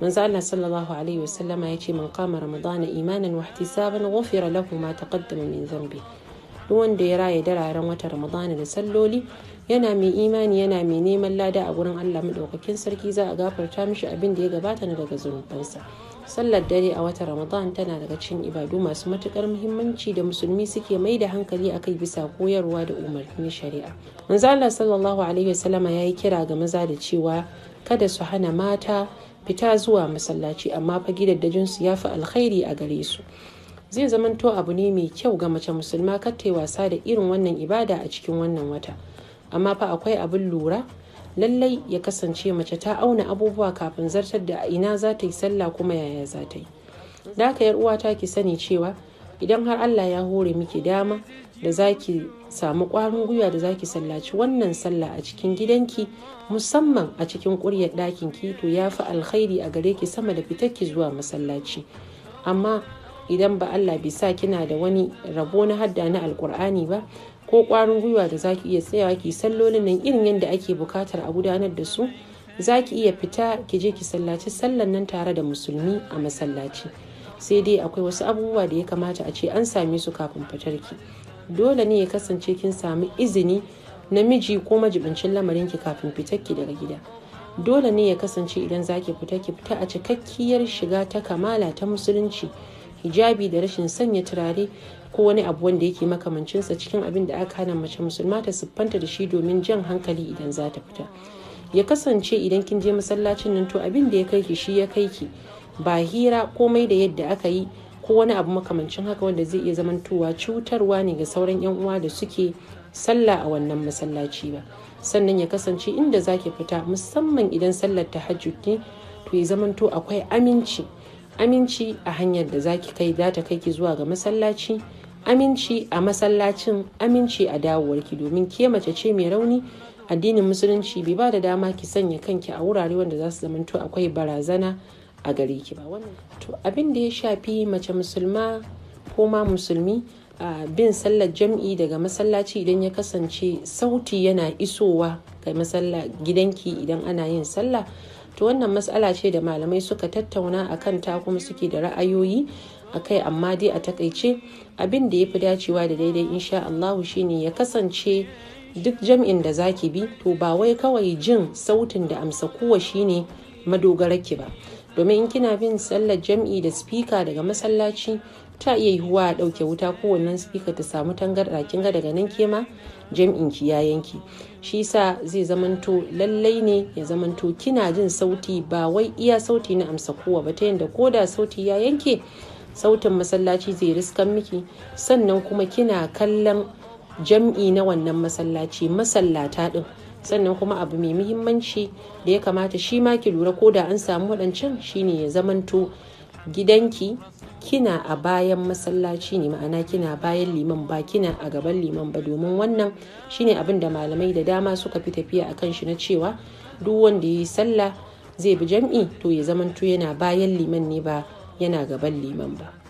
manzo ya ce man ramadana imanin wa sabon ghufira lahu ma taqaddama min zambi duk wanda ya raya dararen wata ramadana da salloli yana mai imani yana mai neman lada a wurin Allah madaukakin sarki za a gafarta mishi abin da ya gabata na daga zunubansa sallar dare a wata ramadan tana daga cikin ibadu masu matukar muhimmanci da musulmi suke mai da hankali akai bisa koyarwa da umarnin shari'a manzo Allah sallallahu yayi kira ga maza da cewa kada su hana mata fita zuwa masallaci amma fa gidaddajinsu ya fi alkhairi a gare su zai zamanto abu ne mai kyau ga mace musulma kar ta wasa da irin wannan ibada a cikin wannan wata amma fa akwai abin lura lallai ya kasance mace ta auna abubuwa kafin zartar da ina za ta yi sallah kuma yaya za ta yi da ka yar ta ki sani cewa idan har Allah ya hore miki dama da zaki samu ƙwarin gwiwa da zaki sallaci wannan sallah a cikin gidanki musamman a cikin ƙuryar ɗakin ki to ya fi alkhairi a gare ki sama da ki zuwa masallaci amma idan ba Allah bai sa kina da wani rabo na hadda na alkur'ani ba ko ƙwarin gwiwa da zaki iya tsayawa ki sallolin nan irin yadda ake bukatar a gudanar da su zaki iya fita ki je ki sallaci sallan nan tare da musulmi a masallaci sai dai akwai wasu abubuwa da ya kamata a ce an same su kafin fitar ki dole ne ya kasance kin sami izini na miji ko majibincin ki kafin ki daga gida dole ne ya kasance idan zaki fita ki fita a cikakkiyar shiga ta kamala ta musulunci hijabi da rashin sanya turare ko wani abu wanda yake makamancinsa cikin abin da aka hana mace musulma ta siffanta da shi domin jan hankali idan za ta fita ya kasance idan kin je masallacin nan to abin da ya kai ki shi ya kai ki ba hira komai da yadda aka yi ko wani abu makamancin haka wanda zai iya zamantowa cutarwa ne ga sauran 'yan uwa da suke sallah a wannan masallaci ba sannan ya kasance inda zaki fita musamman idan sallar ta ne to ya zamanto akwai aminci aminci a hanyar da zaki kai za ta kai ki zuwa ga masallaci aminci a masallacin aminci a dawowarki domin ke mace ce mai rauni addinin musulunci bai ba da dama ki sanya kanki a wurare wanda za su zamanto akwai barazana a gare ki to abin da ya shafi mace musulma ko ma musulmi a bin sallar jam'i daga masallaci idan ya kasance sauti yana isowa ga masalla gidanki idan ana yin sallah to wannan matsala ce da malamai suka tattauna a ta kuma suke da ra'ayoyi a kai amma dai a takaice abin da ya fi dacewa da daidai insha Allahu shine ya kasance duk jam'in da zaki bi to ba wai kawai jin sautin da amsa kuwa shine madogararki ba domin in kina bin sallar jam'i da spika daga masallaci ta iya yiwuwa a dauke wuta kowannen spika ta samu tangarɗa kin ga daga nan kema jam'in ki ya yanki shi sa zai zamanto lallai ne ya zamanto kina jin sauti ba wai iya sauti na amsa kowa ba ta yadda ko da sauti ya yanke sautin masallaci zai riskan miki sannan kuma kina kallon jam'i na wannan masallaci masallata ɗin sannan kuma abu mai muhimmanci da ya kamata shi ma ki lura ko da an samu waɗancan shine ya zamanto gidanki kina a bayan masallaci ne ma'ana kina bayan liman ba kina a gaban liman ba domin wannan shine abin da malamai da dama suka fi tafiya a kan shi na cewa duk wanda ya yi sallah zai bi jam'i to ya zamanto yana bayan liman ne ba yana gaban liman ba